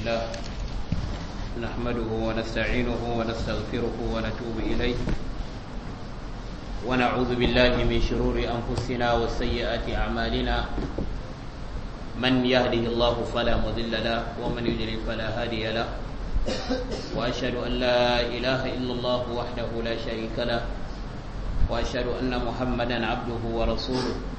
لله نحمده ونستعينه ونستغفره ونتوب إليه ونعوذ بالله من شرور أنفسنا وسيئات أعمالنا من يهده الله فلا مضل له ومن يضلل فلا هادي له وأشهد أن لا إله إلا الله وحده لا شريك له وأشهد أن محمدا عبده ورسوله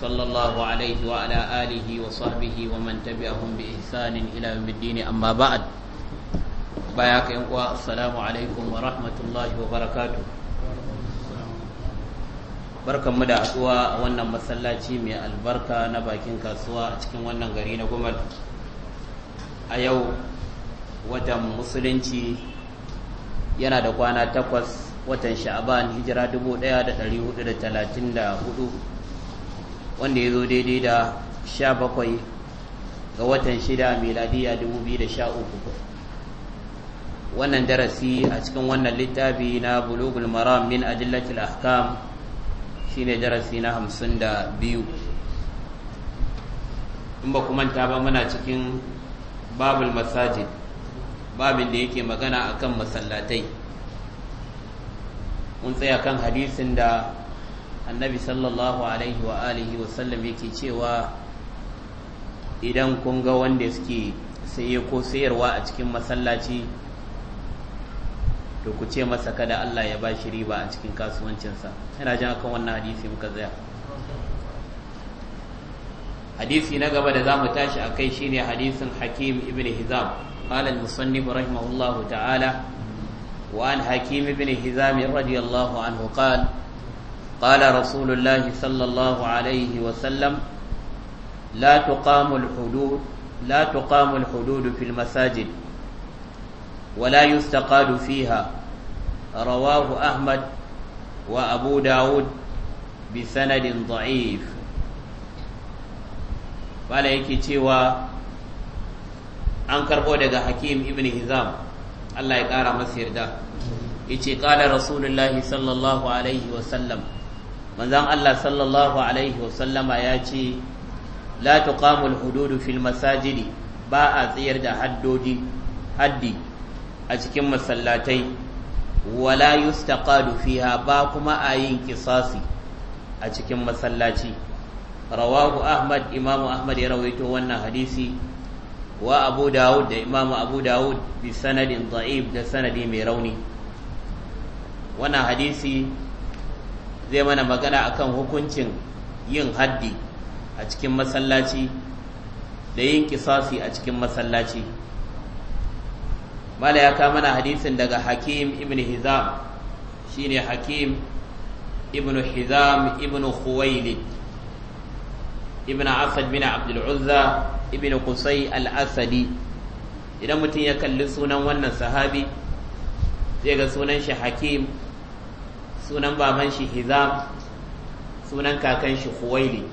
صلى الله عليه وعلى آله وصحبه ومن تبعهم بإحسان إلى يوم الدين أما بعد بياك السلام عليكم ورحمة الله وبركاته barkan mu da haɗuwa a wannan masallaci mai albarka na bakin kasuwa a cikin wannan gari na gumal a yau watan musulunci yana da kwana takwas watan sha'aban hijira hudu. wanda ya zo daidai da sha bakwai ga watan shida miladiya dubu biyu da sha uku wannan darasi a cikin wannan littafi na bulugul maram min adillatil ahkam shine darasi na hamsin da biyu in ba kuma manta ba muna cikin babul masajid babin da yake magana akan masallatai mun tsaya kan hadisin da annabi sallallahu alaihi wa alihi wasallam yake cewa idan kun ga wanda suke saye ko sayarwa a cikin masallaci to ku ce masa kada Allah ya ba shi riba a cikin kasuwancinsa ina jin akan wannan hadisi muka tsaya hadisi na gaba da za mu tashi a kai shine hadisin hakim ibn hizam qala al-musannif rahimahullahu ta'ala وعن حكيم بن هزام رضي الله عنه قال قال رسول الله صلى الله عليه وسلم لا تقام الحدود لا تقام الحدود في المساجد ولا يستقاد فيها رواه أحمد وأبو داود بسند ضعيف قال يكي تيوى أنكر بودك حكيم ابن هزام الله يقارى مسير ده يتي قال رسول الله صلى الله عليه وسلم manzon Allah sallallahu alaihi wasallama ya ce la tuqamul hududu fil masajidi ba a tsayar da haddodi haddi a cikin masallatai wala yustaqadu fiha ba kuma a yin kisasi a cikin masallaci rawahu ahmad imamu ahmad ya rawaito wannan hadisi wa abu dawud da imamu abu dawud bi sanadin da'if da sanadi mai rauni wannan hadisi zai mana magana a kan hukuncin yin haddi a cikin masallaci da yin kisasi a cikin masallaci mala ya kama na hadisin daga hakim ibn hizam shine hakim ibn hizam ibn khuwailid ibn asad bin abdul uzza ibn qusay al asadi idan mutum ya kalli sunan wannan sahabi zai ga sunan shi hakim sunan baban shi hizam sunan kakan shi huwaili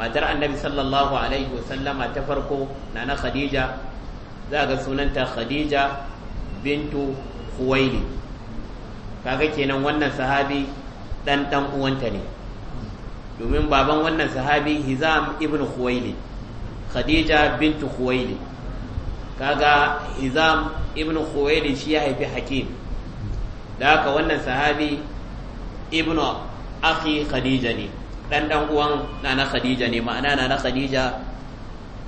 matar annabi sallallahu alaihi wasallama ta farko na na khadija za ga sunanta khadija bintu huwaili kaga kenan wannan sahabi dan dan uwanta ne domin baban wannan sahabi hizam ibn huwaili khadija bintu huwaili kaga hizam ibn huwaili shi ya haifi hakim da haka wannan sahabi ibnu akhi khadija ne dan dan uwan nana khadija ne ma'ana nana khadija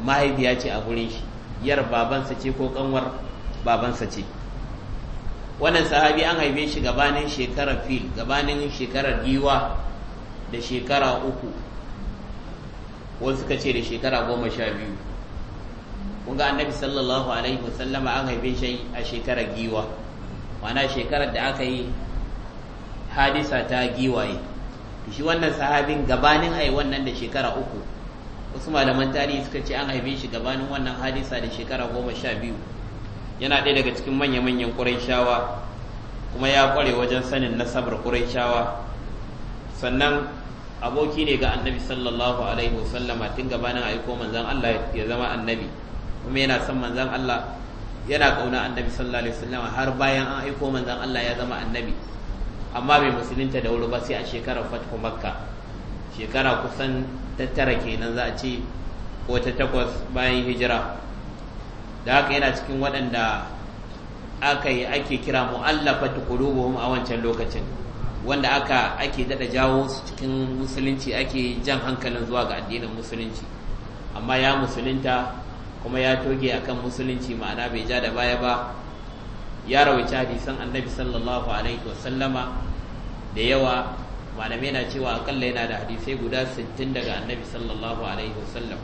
mahaifiya ce a gurin shi yar babansa ce ko kanwar babansa ce wannan sahabi an haife shi gabanin shekarar fil gabanin shekarar giwa da shekara uku wasu suka ce da shekara goma sha biyu kun ga annabi sallallahu alaihi wasallama an haife shi a shekarar giwa mana shekarar da aka yi hadisa ta giwaye shi wannan sahabin gabanin ai wannan da shekara uku wasu malaman tarihi suka ce an haife shi gabanin wannan hadisa da shekara goma sha biyu yana ɗaya daga cikin manya-manyan shawa, kuma ya ƙware wajen sanin nasabar shawa. sannan aboki ne ga annabi sallallahu alaihi wasallama tun gabanin aiko manzan Allah ya zama annabi kuma yana son manzan Allah yana kauna annabi sallallahu alaihi wasallam har bayan an aiko manzon Allah ya zama annabi amma bai musulunta da wuri ba sai a shekarar fatku makka shekara kusan ta tara kenan za a ce ko ta takwas bayan hijira da haka yana cikin waɗanda aka yi ake kira mu'allafatu qulubuhum a wancan lokacin wanda aka ake dada jawo su cikin musulunci ake jan hankalin zuwa ga addinin musulunci amma ya musulunta kuma ya toge kan musulunci ma'ana bai ja da baya ba ya rawaci hadisan annabi sallallahu alaihi wasallama da yawa malamai na cewa akalla yana da hadisai guda 60 daga annabi sallallahu alaihi wasallam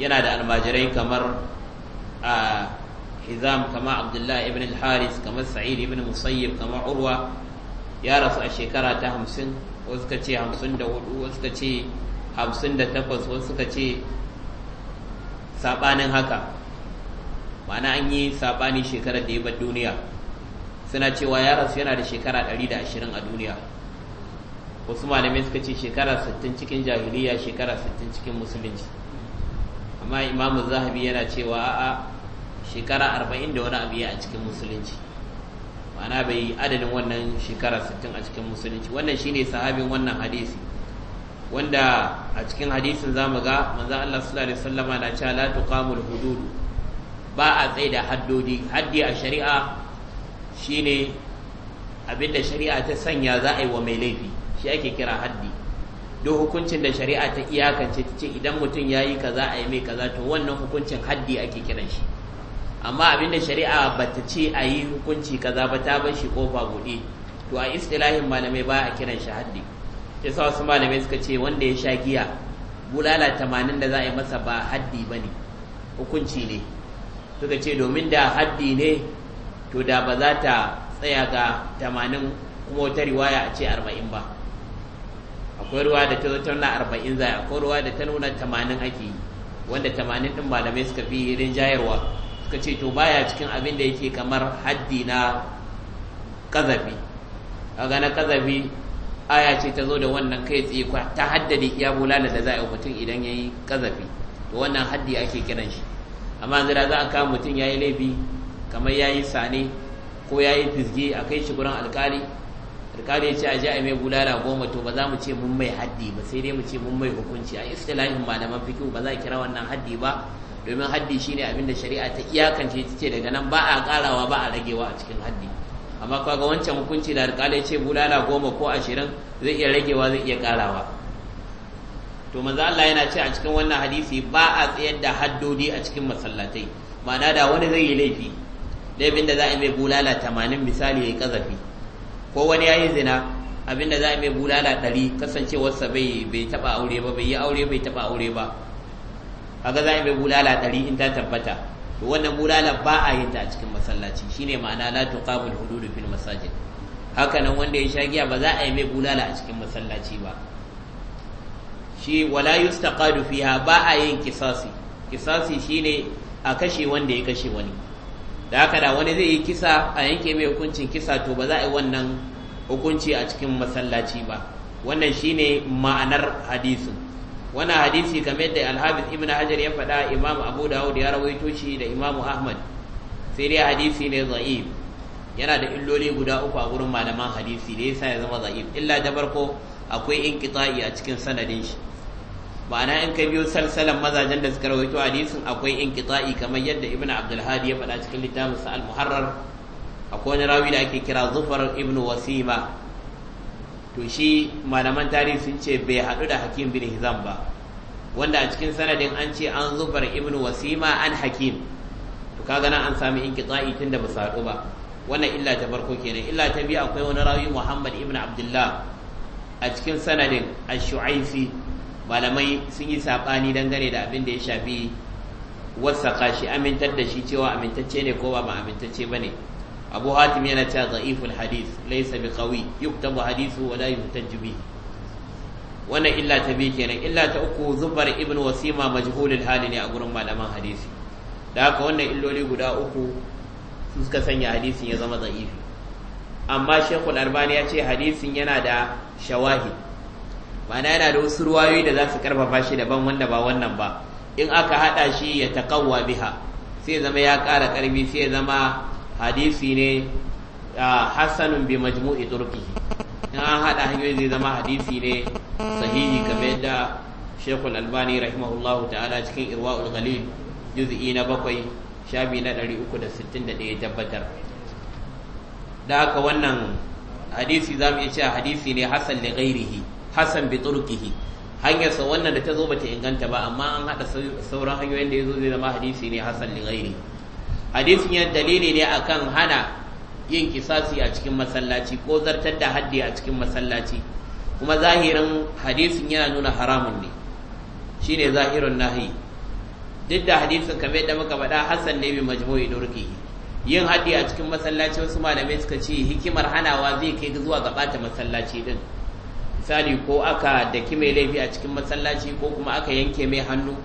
yana da almajirai kamar a hizam kama abdullah ibn al-haris kama sa'id ibn musayyib kama urwa ya rasu a shekara ta 50 wasu ka ce 54 wasu ka ce 58 wasu ka ce sabanin haka ma'ana an yi sabani shekarar da ya bar duniya suna cewa yaron su yana da shekara 120 a duniya wasu malamai suka ce shekara 60 cikin jahiliya shekara 60 cikin musulunci amma imamu zahabi yana cewa a'a shekara 40 da wani abu ya a cikin musulunci ma'ana bai adadin wannan shekara 60 a cikin musulunci wannan shine sahabin wannan hadisi wanda a cikin hadisin zamu ga manzon Allah sallallahu na cewa la tuqamul hudud ba a tsaida haddodi haddi a shari'a shine abinda shari'a ta sanya za a yi wa mai laifi shi ake kira haddi duk hukuncin da shari'a ta iyakance ta ce idan mutum ya yi kaza a yi mai kaza to wannan hukuncin haddi ake kiran shi amma abinda shari'a ba ta ce a yi hukunci kaza ba ta bar shi kofa buɗe to a istilahin malamai ba a kiran shi haddi sa wasu malamai suka ce wanda ya sha giya bulala tamanin da za a yi masa ba haddi ba ne hukunci ne suka ce domin da haddi ne to da ba za ta tsaya ga tamanin kuma wata riwaya a ce arba'in ba akwai ruwa da ta nuna arba'in zai akwai ruwa da ta nuna tamanin ake yi wanda tamanin din malamai suka fi jayarwa suka ce to baya cikin abin da yake kamar haddi na kazafi kaga na kazafi aya ce ta zo da wannan kai tsaye kwa ta haddade ya bulala da za a yi mutum idan ya yi kazafi to wannan haddi ake kiran shi amma zira za a kama mutum ya yi laifi kamar ya yi sane ko ya yi fizge a kai shi gurin alkali alkali ya ce a ji a mai bulala goma to ba za mu ce mun mai haddi ba sai dai mu ce mun mai hukunci a istilahin malaman fikihu ba za a kira wannan haddi ba domin haddi shine abin da shari'a ta iyakance ta ce daga nan ba a karawa ba a ragewa a cikin haddi amma kaga wancan hukunci da alƙalai ce bulala goma ko ashirin zai iya ragewa zai iya karawa to manzo Allah yana ce a cikin wannan hadisi ba a tsayar da haddodi a cikin masallatai ma'ana da wani zai yi laifi laifin da za a mai bulala tamanin misali ya yi kazafi ko wani ya yi zina abin da za a mai bulala ɗari kasancewarsa bai taɓa aure ba bai yi aure bai taɓa aure ba kaga za a mai bulala ɗari in ta tabbata to wannan bulala ba a yin ta a cikin masallaci shine ma'ana la tuqamul hududu fil masajid haka nan wanda ya sha giya ba za a yi mai bulala a cikin masallaci ba shi wala yustaqadu fiha ba a yin kisasi kisasi shine a kashe wanda ya kashe wani da haka da wani zai yi kisa a yanke mai hukuncin kisa to ba za a yi wannan hukunci a cikin masallaci ba wannan shine ma'anar hadisin wannan hadisi kamar da alhabis ibn hajar ya faɗa imamu abu dawud ya rawaito shi da imamu ahmad sai dai hadisi ne za'ib yana da illoli guda uku a gurin malaman hadisi da yasa ya zama za'ib illa da farko akwai inqita'i a cikin sanadin shi ma'ana in ka biyo salsalan mazajen da suka rawaito hadisin akwai inqita'i kamar yadda ibn Abdulhadi ya faɗa cikin littafin sa al-muharrar akwai wani rawi da ake kira zufar ibn wasima to shi malaman tarihi sun ce bai haɗu da hakim bin hizam ba wanda a cikin sanadin an ce an zubar ibnu wasima an hakim to kaga nan an sami inqita'i tunda ba sadu ba wannan illa ta farko kenan illa ta biyu akwai wani rawi muhammad ibnu abdullah a cikin sanadin ash-shu'aifi malamai sun yi sabani dangane da abin da ya shafi wasaka shi amintar da shi cewa amintacce ne ko ba ma amintacce bane abu hatim yana cewa da'iful hadith laysa biqawi yuktabu hadithu wa la yuhtajju bihi wannan illa ta biyu kenan illa ta uku zubar ibn wasima majhulul hali ne a gurin malaman hadisi da haka wannan illoli guda uku su suka sanya hadisin ya zama za'ifi amma shekul albani ya ce hadisin yana da shawahi ma'ana yana da wasu ruwayoyi da za su karfafa shi daban wanda ba wannan ba in aka hada shi ya taqawwa biha sai zama ya kara karfi sai zama hadisi ne hassanun bi majmu'i turki in an haɗa hanyoyi zai zama hadisi ne sahihi kamar yadda shekul albani rahimahullahu ta'ala cikin irwa'ul ghalil juz'i na bakwai shabi na 361 ya tabbatar da aka wannan hadisi zamu mu iya cewa hadisi ne hasan li ghairihi hasan bi turkihi sa wannan da ta zo bata inganta ba amma an hada sauran hanyoyin da ya zai zama hadisi ne hasan li ghairi hadisin ya dalili ne akan hana yin kisasi a cikin masallaci ko zartar da haddi a cikin masallaci kuma zahirin hadisin yana nuna haramun ne shine zahirin nahi duk da hadisin kamar yadda muka faɗa hasan ne bi majmu'i durki yin haɗi a cikin masallaci wasu malamai suka ce hikimar hanawa zai kai zuwa ga ta masallaci din misali ko aka daki mai laifi a cikin masallaci ko kuma aka yanke mai hannu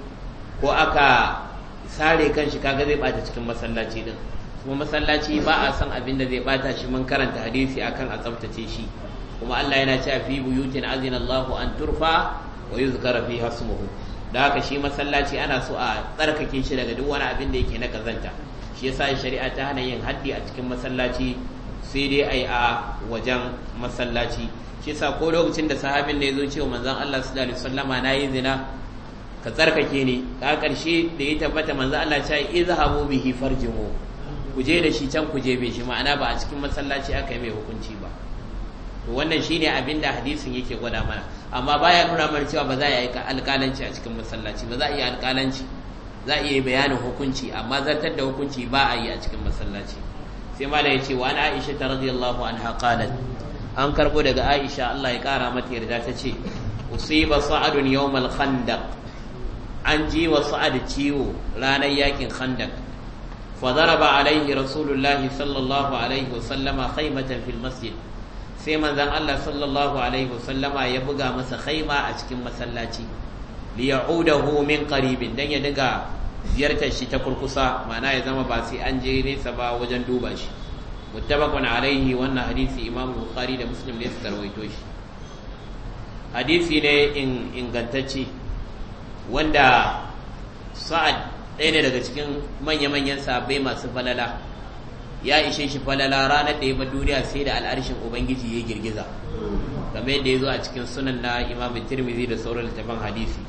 ko aka sare kan shi kaga zai ɓata cikin masallaci din kuma masallaci ba a son abin da zai ɓata shi mun karanta hadisi akan a tsaftace shi kuma Allah yana cewa fi buyutin azina Allah an turfa wa yuzkara fi hasmuhu da haka shi masallaci ana so a tsarkake shi daga duk wani abin da yake na kazanta shi yasa shari'a ta hana yin haddi a cikin masallaci sai dai ai a wajen masallaci shi yasa ko lokacin da sahabin ne ya zo cewa manzon Allah sallallahu alaihi wasallama nayi zina ka tsarkake ni ka karshe da ya tabbata manzon Allah ya ce izhabu bihi farjuhu ku je da shi can kuje je shi ma'ana ba a cikin masallaci aka yi mai hukunci ba wannan wannan shine abin da hadisin yake gwada mana amma baya nuna mana cewa ba za a yi alƙalanci a cikin masallaci ba za a yi alƙalanci za a iya yi bayanin hukunci amma zartar da hukunci ba a yi a cikin masallaci sai mala ya ce wa ana aisha ta radiyallahu anha qalat an karbo daga aisha Allah ya kara mata yarda ta ce usiba sa'adun yawmal khandaq an ji wa sa'ad ciwo ranar yakin khandaq fa daraba alaihi rasulullahi sallallahu alaihi wa sallama khaymatan fil masjid sai manzan Allah sallallahu alaihi wasallama ya buga masa khaima a cikin masallaci liyaudahu min qaribin dan ya daga ziyartar shi ta kurkusa ma'ana ya zama ba sai an je nesa ba wajen duba shi muttafaqun alaihi wannan hadisi Imam Bukhari da Muslim ne rawaito shi hadisi ne ingantacce wanda Sa'ad ɗaya ne daga cikin manya-manyan sahabbai masu falala ya ishe shi falala ranar da ya bar duniya sai da al'arshin ubangiji ya girgiza game da ya zo a cikin sunan na imam tirmizi da sauran littafin hadisi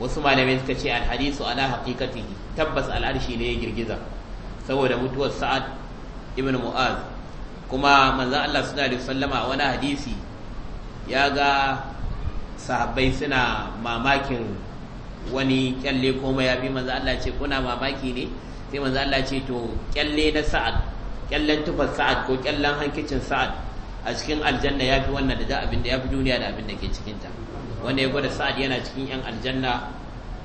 wasu malamai suka ce alhadisu ala haqiqatihi tabbas al'arshi ne ya girgiza saboda mutuwar sa'ad ibn mu'az kuma manzan Allah suna da sallama a wani hadisi ya ga sahabbai suna mamakin wani kyalle ya fi manzan Allah ce kuna mamaki ne sai manzo Allah ce to kyalle na sa'ad kyallen tufar sa'ad ko kyallen hankicin sa'ad a cikin aljanna yafi wannan da abin da yafi duniya da abin da ke cikin ta wanda ya gwada sa'ad yana cikin yan aljanna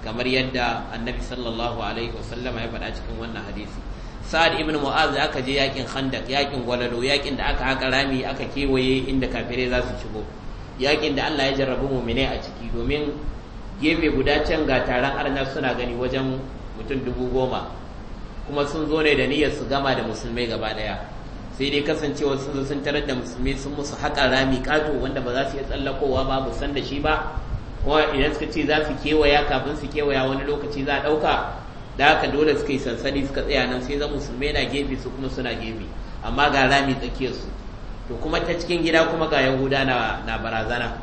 kamar yadda annabi sallallahu alaihi wasallama ya faɗa cikin wannan hadisi sa'ad ibn mu'az da aka je yakin khandak yakin walalo yakin da aka haka rami aka kewaye inda kafirai za su shigo yakin da Allah ya jarrabu mu'mine a ciki domin gefe guda can ga taron arna suna gani wajen mutum dubu goma kuma sun zo ne da niyyar su gama da musulmai gaba daya sai dai kasancewa sun zo sun tarar da musulmai sun musu haƙa rami ƙato wanda ba za su iya tsallakowa ba ba san da shi ba kuma idan suka ce za su kewaya kafin su kewaya wani lokaci za a ɗauka da haka dole suka yi sansani suka tsaya nan sai zan musulmai na gefe su kuma suna gefe amma ga rami tsakiyarsu. su to kuma ta cikin gida kuma ga yahuda na barazana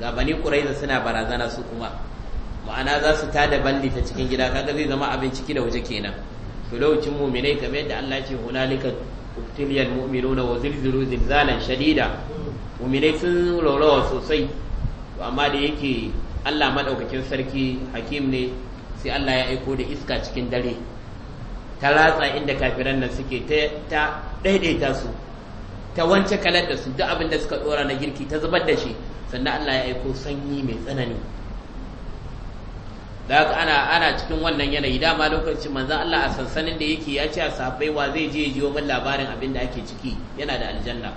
ga bani ƙuraiza suna barazana su kuma ma'ana za su tada balli ta cikin gida kaga zai zama abin ciki da waje kenan lokacin mu'minai kamar yadda Allah ce hunalika ubtiliyal mu'minuna wa zilzilu zilzalan shadida mu'minai sun raurawa sosai amma da yake Allah madaukakin sarki hakim ne sai Allah ya aiko da iska cikin dare ta ratsa inda kafiran nan suke ta daidaita su ta wance kalar da su duk abin da suka dora na girki ta zubar da shi sannan Allah ya aiko sanyi mai tsanani da ana ana cikin wannan yanayi dama lokacin manzon Allah a sansanin da yake ya ce a sahabbai wa zai je jiyo min labarin abin da ake ciki yana da aljanna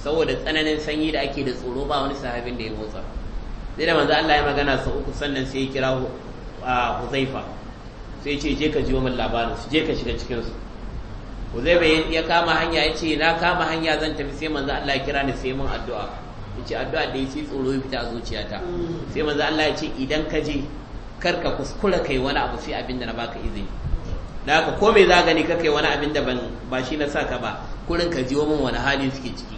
saboda tsananin sanyi da ake da tsoro ba wani sahabin da ya motsa sai da manzon Allah ya magana sa uku sannan sai ya kira Huzaifa sai ce je ka jiyo min labarin su je ka shiga cikin su Huzaifa ya kama hanya ya ce na kama hanya zan tafi sai manzon Allah ya kira ni sai mun addu'a ya ce addu'a da ya ce tsoro ya fita a zuciyata mm. sai manzon Allah ya ce idan ka je kar ka kuskura kai wani abu sai abin da na baka izini da haka ko mai zagani ka kai wani abin da ban ba shi na saka ba kurin ka jiwo min wani hali suke ciki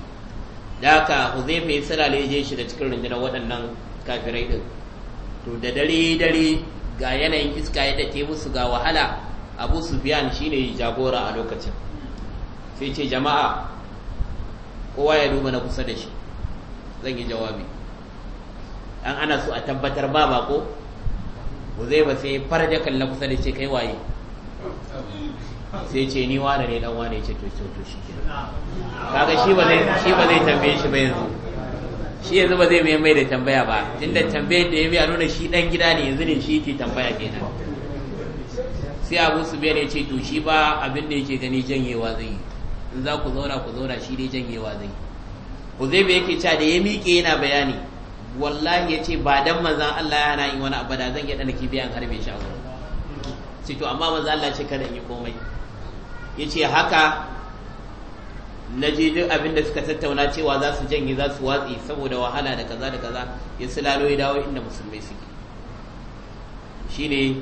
da haka huzaifa ya salale je shi da cikin rundunar waɗannan kafirai din to da dare dare ga yanayin iska ya dake musu ga wahala abu sufyan shine jagora a lokacin sai ce jama'a kowa ya duba na kusa da shi zan yi jawabi an ana su a tabbatar ba ko ba sai fara da kalla kusa da ce kai waye sai ce ni wane ne dan wane ce to to to shi kaga shi ba zai shi ba zai tambaye shi ba yanzu shi yanzu ba zai mai mai da tambaya ba tunda tambayar da ya biya nuna shi dan gida ne yanzu ne shi ke tambaya kenan sai Abu Sufyan ya ce to shi ba abin da yake gani janyewa zai yi in za ku zauna ku zauna shi dai janyewa zai yi ba yake cewa da ya miƙe yana bayani wallahi ya ce ba dan manzan Allah ya hana yi wani abu da zan yi ɗan biyan harbe shi a gurin sai amma manzan Allah ce kada in yi komai ya ce haka na je duk abin da suka tattauna cewa za su janye za su watsi saboda wahala da kaza da kaza ya lalo ya dawo inda musulmai suke shine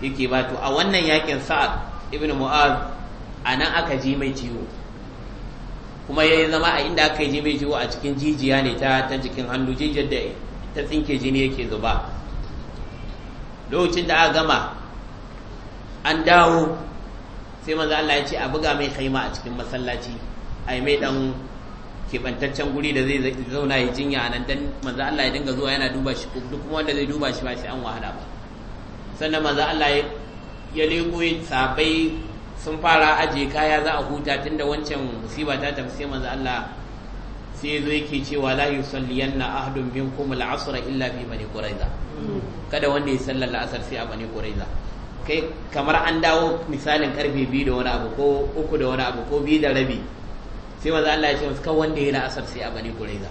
yake ba a wannan yakin sa'ad ibn mu'az nan aka ji mai ciwo kuma ya zama a inda aka yi mai jiwo a cikin jijiya ne ta ta jikin hannu jijiyar da ta tsinke jini yake zuba lokacin da aka gama an dawo sai manzo Allah ya ce a buga mai haima a cikin masallaci a yi mai dan kebantaccen guri da zai zauna ya jinya nan dan manzo Allah ya dinga zuwa yana duba shi duk kuma wanda zai duba shi ba shi an wahala ba sannan manzo Allah ya leko sabai sun fara ajiye kaya za a huta tunda wancan musiba ta tamsi manzo Allah sai zo yake cewa la yusalliyanna ahadun minkum al-asr illa fi bani quraiza kada wanda ya sallar al-asr sai a bani quraiza kai kamar an dawo misalin karfe biyu da wani abu ko uku da wani abu ko biyu da rabi sai manzo Allah ya ce musu wanda ya al-asr sai a bani quraiza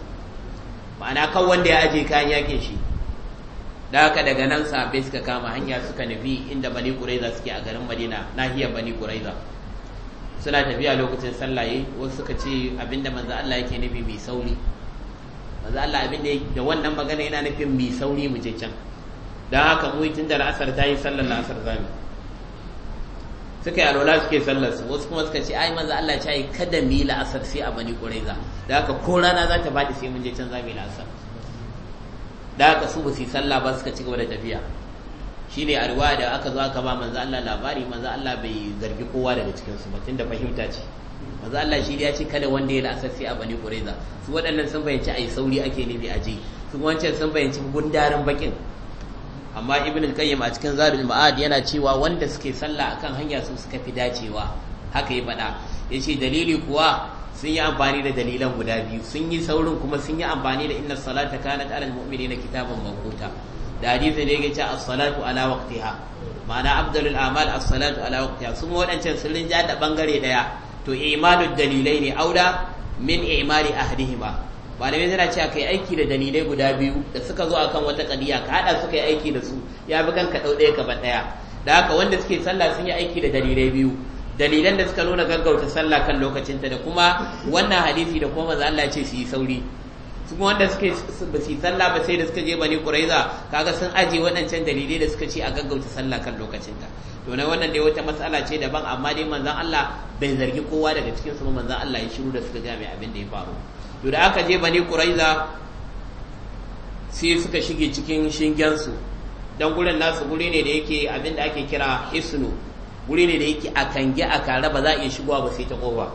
ma'ana kan wanda ya aje kayan yakin shi da haka daga nan sahabbai suka kama hanya suka nufi inda bani kuraiza suke a garin madina nahiyar bani kuraiza suna tafiya lokacin sallaye wasu suka ce abinda manzo Allah yake nufi mai sauri manzo Allah abinda da wannan magana yana nufin mai sauri mu je can dan haka mu tun da asar ta yi sallar asar zami suka yi alwala suke sallar su wasu kuma suka ce ai manzo Allah ya ce kada mu yi la'asar sai a bani kuraiza da haka ko rana za ta bada sai mun je can zami la'asar da aka su ba su sallah ba suka ci gaba da tafiya Shi ne a ruwa da aka zo aka ba manzo Allah labari manzo Allah bai zargi kowa daga cikin su ba tunda fahimta ce manzo Allah shi ya ce kada wanda ya la'asar sai a bani kureza. su waɗannan sun fahimci yi sauri ake nufi a je su wancan sun fahimci gundarin bakin amma ibn al-qayyim a cikin zadul ma'ad yana cewa wanda suke sallah akan hanya su suka fi dacewa haka ya faɗa yace dalili kuwa sun yi amfani da dalilan guda biyu sun yi saurin kuma sun yi amfani da inna salata ta alal mu'minina kitaban mabuta da hadisi ne yake cewa as-salatu ala waqtiha ma'ana afdalul a'mal as-salatu ala waqtiha sun wadancan sun rinja da bangare daya to imanud dalilai ne auda min imali ahdihima malamai suna cewa kai aiki da dalilai guda biyu da suka zo akan wata kadiya ka hada su kai aiki da su ya bi kanka dau daya ka ba daya da haka wanda suke sallah sun yi aiki da dalilai biyu dalilan da suka nuna gaggauta sallah kan lokacinta da kuma wannan hadisi da kuma maza Allah ce su yi sauri su wanda suke ba su yi sallah ba sai da suka je bani ƙuraiza kaga sun aje waɗancan dalilai da suka ce a gaggauta sallah kan lokacinta to na wannan dai wata matsala ce daban amma dai manzon Allah bai zargi kowa daga cikin su manzon Allah ya shiru da suka ga mai abin da ya faru to da aka je bani ƙuraiza sai suka shige cikin shingen su dan gurin nasu guri ne da yake abin da ake kira isnu wuri ne da yake a kange a kare ba za a iya shigowa ba sai ta kofa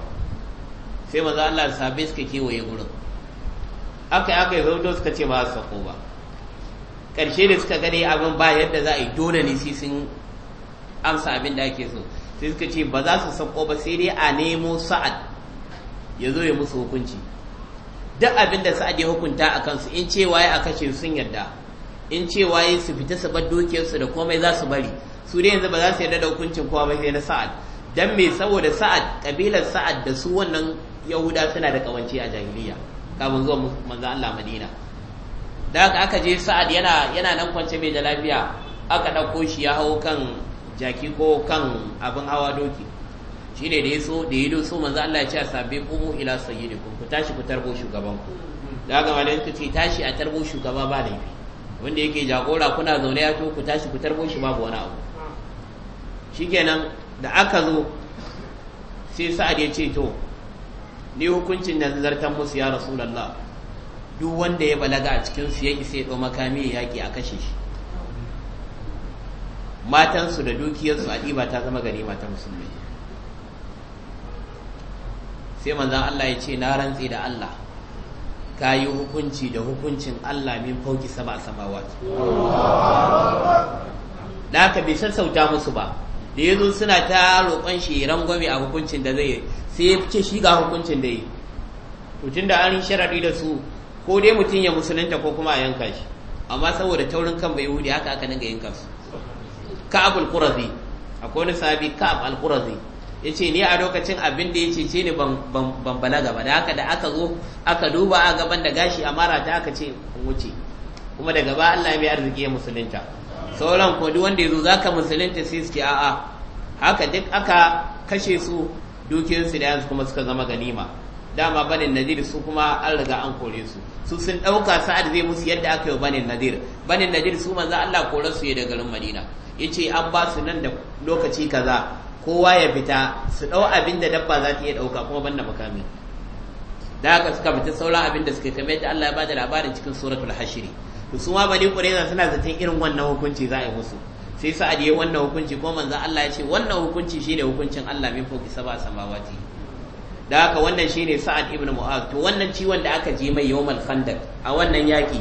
sai maza Allah da sabai suka kewaye gurin aka aka yi zaudo suka ce ba su sako ba ƙarshe da suka gane abin ba yadda za a yi dole ne sai sun amsa abin da ake so sai suka ce ba za su sako ba sai dai a nemo sa'ad ya zo ya musu hukunci duk abin da sa'ad ya hukunta a kansu in cewa ya a kashe sun yarda in cewa ya su fita su bar dukiyarsu da komai za su bari su ne yanzu ba za su yarda da hukuncin kowa ba sai na sa'ad dan me saboda sa'ad kabilar sa'ad da su wannan yahuda suna da kawanci a jahiliya kafin zuwa manzo Allah Madina da haka aka je sa'ad yana yana nan kwance mai da lafiya aka dauko shi ya hawo kan jaki ko kan abin hawa doki shine da yaso da yido so manzo Allah ya ce sabbi qumu ila sayyidikum ku tashi ku tarbo shugabanku da haka malamin ce tashi a tarbo shugaba ba laifi wanda yake jagora kuna zaune ya to ku tashi ku tarbo shi babu wani abu shikenan da aka zo sai sa'ad ya ce to ni hukuncin da zartan musu ya rasu rasulullah duk wanda ya balaga a cikin su ya isa ya ɗau makami ya yaƙi a kashe shi matansu da dukiyarsu a ɗiba ta zama gari mata musulmi sai manzan Allah ya ce na rantse da Allah ka yi hukunci da hukuncin Allah min fauki sama a samawa da aka bai sassauta musu ba da ya zo suna ta roƙon shi rangwame a hukuncin da zai sai ya ce shi ga hukuncin da yi to da an sharaɗi da su ko dai mutum ya musulunta ko kuma a yanka shi amma saboda taurin kan bai wuri haka aka dinga yanka su ka'ab al-qurazi akwai wani sahabi ka'ab al-qurazi yace ni a lokacin abin da yace ce ni ban balaga ba da haka da aka zo aka duba a gaban da gashi a mara ta aka ce wuce kuma daga ba Allah ya mai arziki ya musulunta sauran ko duk wanda za ka musulunta sai suke a'a haka duk aka kashe su dukiyarsu da yanzu kuma suka zama ganima dama banin nadir su kuma an riga an kore su su sun ɗauka sa'ad zai musu yadda aka yi banin nadir banin nadir su manzo Allah kore su ya da garin Madina yace an ba su nan da lokaci kaza kowa ya fita su ɗau abin da dabba za ta iya ɗauka kuma da makami da haka suka fita sauran abin da suka kamar yadda Allah ya bada labarin cikin suratul hashiri to su ma bani ƙureza suna zaton irin wannan hukunci za a yi musu sai sa'ad yayi wannan hukunci ko manzon Allah ya ce wannan hukunci shine hukuncin Allah min fawqi sab'a samawati da haka wannan shi ne sa'ad ibn mu'adh to wannan ciwon da aka ji mai yawmal khandaq a wannan yaki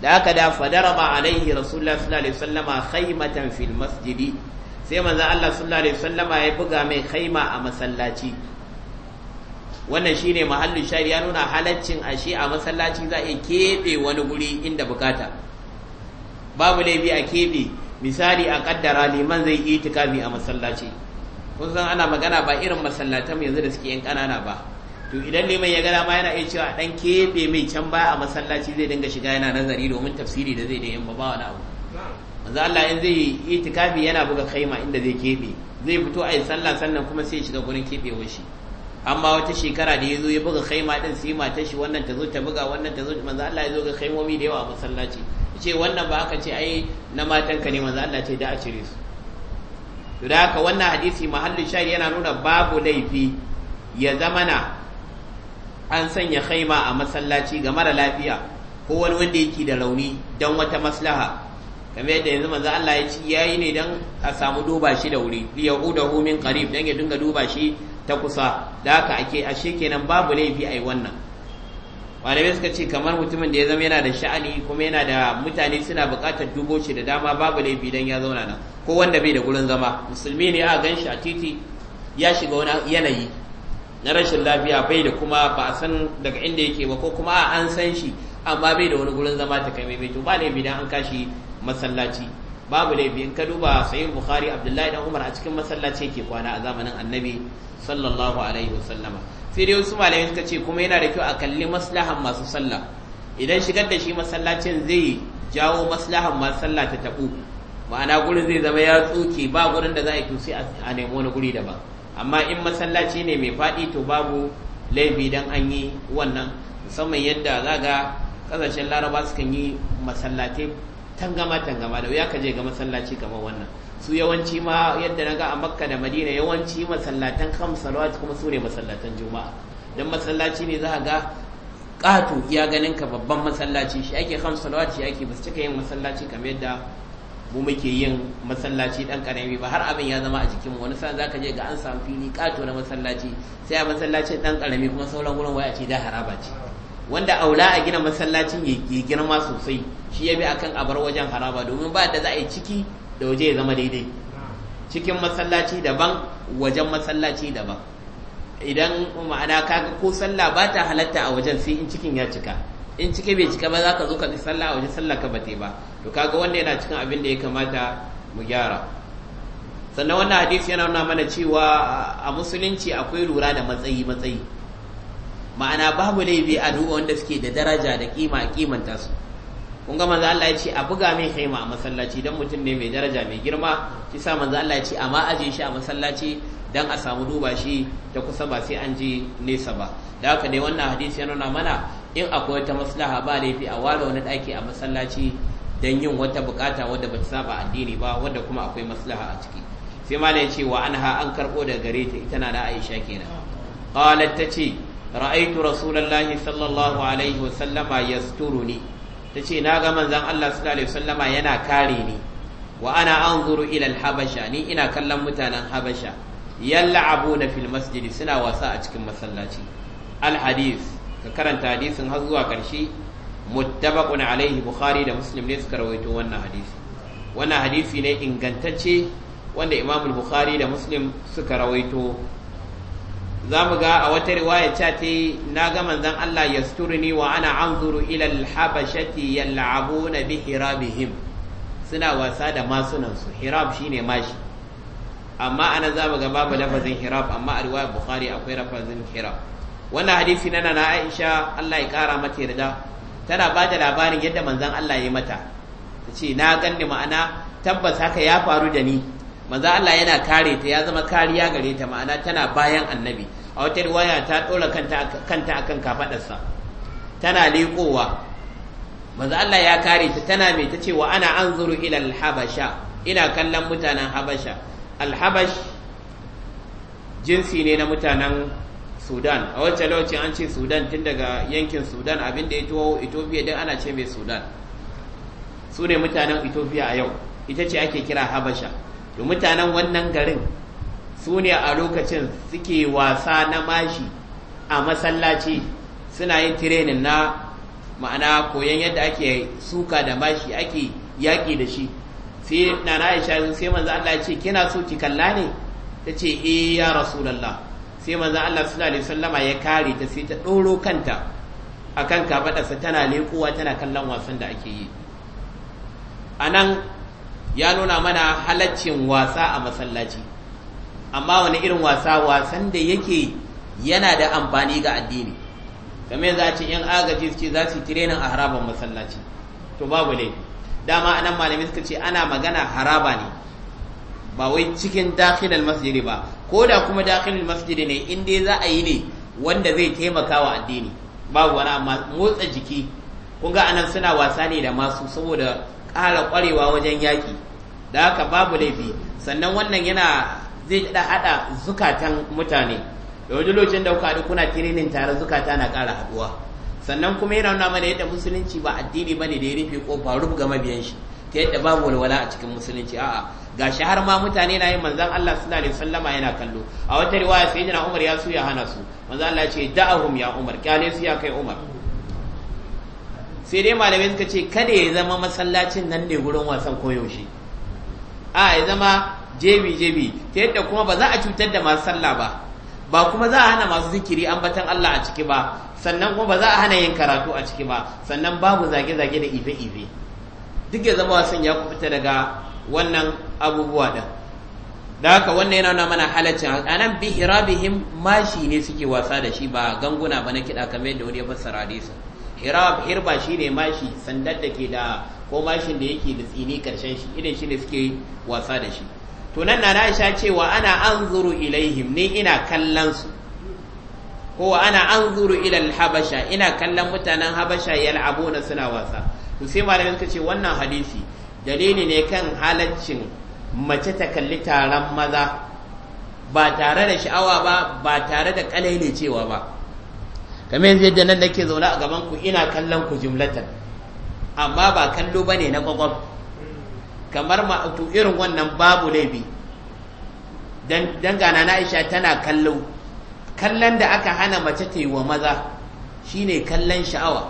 da aka da fadaraba alaihi rasulullah sallallahu alaihi wasallama khaymatan fil masjidi sai manzon Allah sallallahu alaihi wasallama ya buga mai khayma a masallaci wannan shine mahallin shari ya nuna halaccin ashe a masallaci za a keɓe wani guri inda bukata babu laifi a keɓe misali a kaddara liman zai yi tikafi a masallaci kun san ana magana ba irin masallatan yanzu da suke yan kanana ba to idan liman ya gana ma yana iya cewa dan keɓe mai can baya a masallaci zai dinga shiga yana nazari domin tafsiri da zai da yamma ba wani abu yanzu Allah in zai itikafi yana buga khaima inda zai keɓe zai fito a yi sallah sannan kuma sai ya shiga gurin keɓewar shi amma wata shekara da ya zo ya buga khaima din sai mata shi wannan ta zo ta buga wannan ta zo manzo Allah ya zo ga khaimomi da yawa a masallaci ce wannan ba aka ce ai na matan ka ne manzo Allah ce da a cire su to da haka wannan hadisi mahallin shayi yana nuna babu laifi ya zamana an sanya khaima a masallaci ga mara lafiya ko wani wanda yake da rauni don wata maslaha kamar yadda yanzu manzo Allah ya ci yayi ne dan a samu duba shi da wuri li yahudahu min qarib dan ya dinga duba shi ta kusa da haka ake ashe kenan babu laifi a yi wannan malamai suka ce kamar mutumin da ya zama yana da sha'ani kuma yana da mutane suna buƙatar dubo shi da dama babu laifi dan ya zauna nan ko wanda bai da gurin zama musulmi ne a gan shi a titi ya shiga wani yanayi na rashin lafiya bai da kuma ba a san daga inda yake ba ko kuma a an san shi amma bai da wani gurin zama ta kai mai to ba laifi dan an kashi masallaci babu laifi in ka duba sahih bukhari abdullahi dan umar a cikin masallaci yake kwana a zamanin annabi sallallahu alaihi wasallama sai dai wasu malamai suka ce kuma yana da kyau a kalli maslahan masu sallah idan shigar da shi masallacin zai jawo maslahan masu sallah ta tabu ma'ana gurin zai zama ya tsuke ba gurin da za a to sai a nemo wani guri daban amma in masallaci ne mai faɗi to babu laifi dan an yi wannan musamman yadda za ga kasashen laraba sukan yi masallatai tangama tangama da wuya ka je ga masallaci kamar wannan su yawanci ma yadda na ga a makka da madina yawanci masallatan kam salawat kuma su ne masallatan juma'a don masallaci ne za a ga ƙato ya ganin ka babban masallaci shi ake kam shi ake ba su cika yin masallaci kamar yadda mu muke yin masallaci ɗan karami ba har abin ya zama a jikinmu wani sa'an ka je ga an samu fili ƙato na masallaci sai a masallacin dan karami kuma sauran wurin waya ce da haraba ce wanda aula a gina masallacin ya girma sosai shi ya bi akan abar wajen haraba domin ba da za a yi ciki da waje ya zama daidai cikin masallaci daban wajen masallaci daban idan ma'ana kaga ko sallah ba ta halatta a wajen sai in cikin ya cika in cike bai cika ba za ka zo ka sallah a wajen sallah ka bate ba to kaga wannan yana cikin abin da ya kamata mu gyara sannan wannan hadisi yana nuna mana cewa a musulunci akwai lura da matsayi matsayi ma'ana babu laifi a duba wanda suke da daraja da kima a kimanta su kun ga manzo Allah ya ce a buga mai kaima a masallaci dan mutum ne mai daraja mai girma shi sa manzo Allah ya ce amma aje shi a masallaci dan a samu duba shi ta kusa ba sai an ji nesa ba da haka dai wannan hadisi ya nuna mana in akwai wata maslaha ba laifi a ware wani daki a masallaci dan yin wata bukata wadda bata saba addini ba wadda kuma akwai maslaha a ciki sai ma ya ce wa anha an karbo da gare ta ita na da Aisha kenan qalat tace ra'aytu rasulullahi sallallahu alaihi wasallama yasturuni ta ce na ga manzan Allah sallallahu alaihi yana kare ni wa ana anzuru ilal habasha ni ina kallon mutanen habasha yalla'abu na fil masjidi suna wasa a cikin masallaci al hadith ka karanta hadisin har zuwa karshe muttabaqun alaihi bukhari da muslim ne suka rawaito wannan hadisi wannan hadisi ne ingantacce wanda imamul bukhari da muslim suka rawaito za mu ga a wata riwaya ta ce na ga manzon Allah ya yasturni wa ana anzuru ila al-habashati na bi hirabihim suna wasa da masunansu. su hirab shine mashi amma ana za mu ga babu lafazin hirab amma a riwaya bukhari akwai lafazin hirab wannan hadisi na nana Aisha Allah ya kara mata yarda tana ba da labarin yadda manzan Allah ya mata ta na ganni ma'ana tabbas haka ya faru da ni manzo Allah yana kare ta ya zama kariya gare ta ma'ana tana bayan annabi a wata riwaya ta dora kanta kanta akan kafadarsa tana lekowa manzo Allah ya kare ta tana mai ta ce wa ana anzuru ila al-habasha ina kallon mutanen habasha al-habash jinsi ne na mutanen sudan a wacce lokacin an ce sudan tun daga yankin sudan abin da ya tuwo ethiopia din ana ce mai sudan su ne mutanen ethiopia a yau ita ce ake kira habasha to mutanen wannan garin su ne a lokacin suke wasa na mashi a masallaci suna yin tirenin na ma'ana koyon yadda ake suka da mashi ake yaƙi da shi sai na Aisha sai manzo Allah ya ce kina so ki kalla ne Ta ce e ya lalla. sai manzo Allah sallallahu alaihi wasallama ya kare ta sai ta ɗoro kanta akan kafadarsa tana lekowa tana kallon wasan da ake yi anan ya nuna mana halaccin wasa a masallaci amma wani irin wasa wasan da yake yana da amfani ga addini kamar za ce yan agaji su ce za su yi tirenin a harabar masallaci to babu laifi dama anan malamai suka ce ana magana haraba ne ba wai cikin dakilin masjidi ba ko da kuma dakilin masjidi ne in dai za a yi ne wanda zai taimaka wa addini babu wani motsa jiki kun ga anan suna wasa ne da masu saboda ƙara ƙwarewa wajen yaƙi da haka babu laifi sannan wannan yana zai da haɗa zukatan mutane da wajen lokacin da kuka kuna tirinin tare zukata na ƙara haɗuwa sannan kuma yana nuna mana yadda musulunci ba addini bane da ya rufe ba rub ga mabiyan shi ta yadda babu walwala a cikin musulunci a'a ga shi har ma mutane na yin manzon Allah sallallahu alaihi wasallama yana kallo a wata riwaya sayyidina Umar ya suya hana su manzon Allah ya ce da'ahum ya Umar kyale su ya kai Umar sai dai malamai suka ce kada ya zama masallacin nan ne gurin wasan koyaushe a ya zama jebi jebi ta yadda kuma ba za a cutar da masu sallah ba ba kuma za a hana masu zikiri batan Allah a ciki ba sannan kuma ba za a hana yin karatu a ciki ba sannan babu zage zage da ife ife duk ya zama wasan ya kubuta daga wannan abubuwa din da haka wannan yana nuna mana halaccin nan bihira irabihim mashi ne suke wasa da shi ba ganguna ba na kiɗa kamar yadda wani ya fassara hadisin hirab hirba shine mashi sandar da ke da ko mashin da yake da tsini karshen shi idan shi ne suke wasa da shi to nan na Aisha cewa ana anzuru ilaihim ni ina kallon su ko wa ana anzuru ila habasha ina kallon mutanen habasha na suna wasa to sai malamai suka ce wannan hadisi dalili ne kan halaccin mace ta kalli taron maza ba tare da sha'awa ba ba tare da kalaine cewa ba kamar yanzu yadda nan nake zaune a gaban ku ina kallon ku jumlatan amma ba kallo bane na kwakwam kamar ma irin wannan babu laifi dangana na Aisha tana kallo kallon da aka hana mace ta yi wa maza shine kallon sha'awa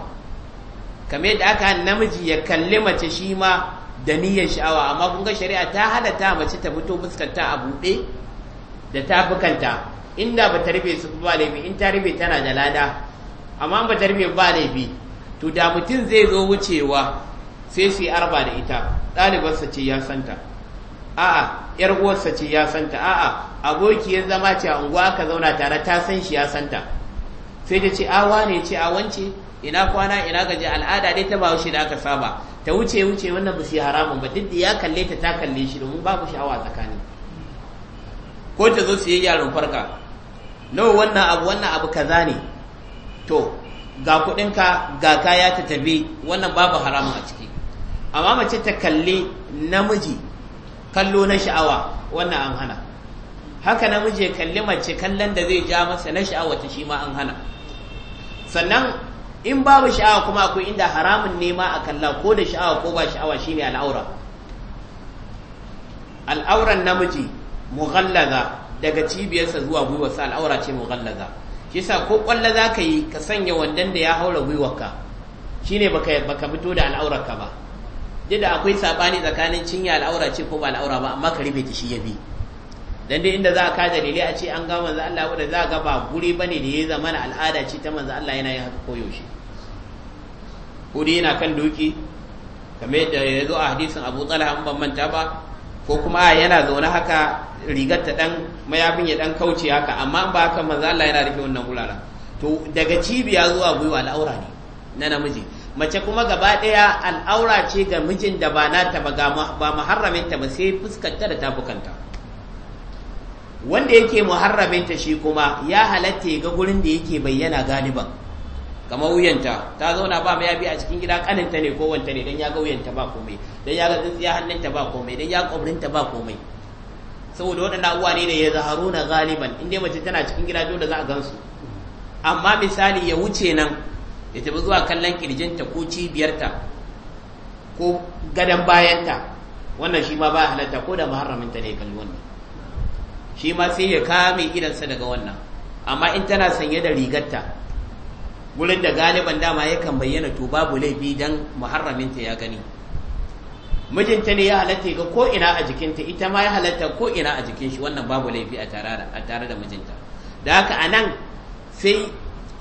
kamar yadda aka namiji ya kalli mace shi ma da niyyar sha'awa amma kun shari'a ta ta mace ta fito fuskanta a buɗe da tafukanta inda ba ta rufe su ba laifi in ta rufe tana da lada amma ba ta rufe ba laifi to da mutum zai zo wucewa sai su yi arba da ita ɗalibarsa ce ya santa a'a yar uwarsa ce ya santa a'a ya zama ce a unguwa aka zauna tare ta san shi ya santa sai ta ce awa ne ce a wance ina kwana ina gaji al'ada dai ta bawo shi da aka saba ta wuce wuce wannan ba su yi haramun ba duk da ya kalle ta ta kalle shi domin babu sha'awa tsakani ko ta zo su yi yaron farka nawa wannan abu wannan abu kaza ne to ga kuɗinka ga kaya ta tafi wannan babu haramun a ciki amma mace ta kalli namiji kallo na sha'awa wannan an hana haka namiji ya kalli mace kallon da zai ja masa na sha'awa ta shi ma an hana sannan in babu sha'awa kuma akwai inda haramun nema a kalla ko da sha'awa ko ba sha'awa shine al'aura al'auran namiji mughallaza daga cibiyarsa zuwa gwiwarsa al'aura ce mughallaza shi yasa ko kwalla za ka yi ka sanya wandan da ya haura gwiwarka shine baka baka fito da al'aurarka ba duk da akwai sabani tsakanin cinya al'aura ce ko ba al'aura ba amma ka rufe ya shi bi dan dai inda za ka dalili a ce an ga manzo Allah wanda za ga ba guri bane da ya zama na al'ada ce ta manzo Allah yana yin haka yaushe. ko dai yana kan doki kamar yadda ya zo a hadisin Abu Talha an ban manta ba ko kuma yana zaune haka rigar ta dan mayafin ya dan kauce haka amma ba haka manzo Allah yana rike wannan gurara to daga cibiya zuwa gwiwa al'aura ne na namiji mace kuma gaba daya al'aura ce ga mijin da ba nata ba ba muharraminta ba sai fuskanta da tafukanta wanda yake muharramin ta shi kuma ya halatta ga gurin da yake bayyana galiban kamar wuyanta ta zauna ba mai yabi a cikin gida kaninta ne ko wanta ne dan ya ga wuyanta ba komai dan ya ga tsintsiya hannunta ba komai dan ya ga kwabrinta ba komai saboda waɗannan abubuwa ne da ya zaharu na galiban in dai mace tana cikin gida dole za a gansu amma misali ya wuce nan ya tafi zuwa kallon kirjinta ko cibiyarta ko gadon bayanta wannan shi ma ba halatta ko da muharraminta ne kalli wannan shi ma sai ya kame idansa daga wannan amma in tana sanye da rigarta Wurin da galiban dama yakan bayyana to babu laifi dan muharraminta ya gani mijinta ne ya halatta ga ko ina a jikinta ita ma ya halatta ko ina a jikin shi wannan babu laifi a tare da mijinta da haka anan sai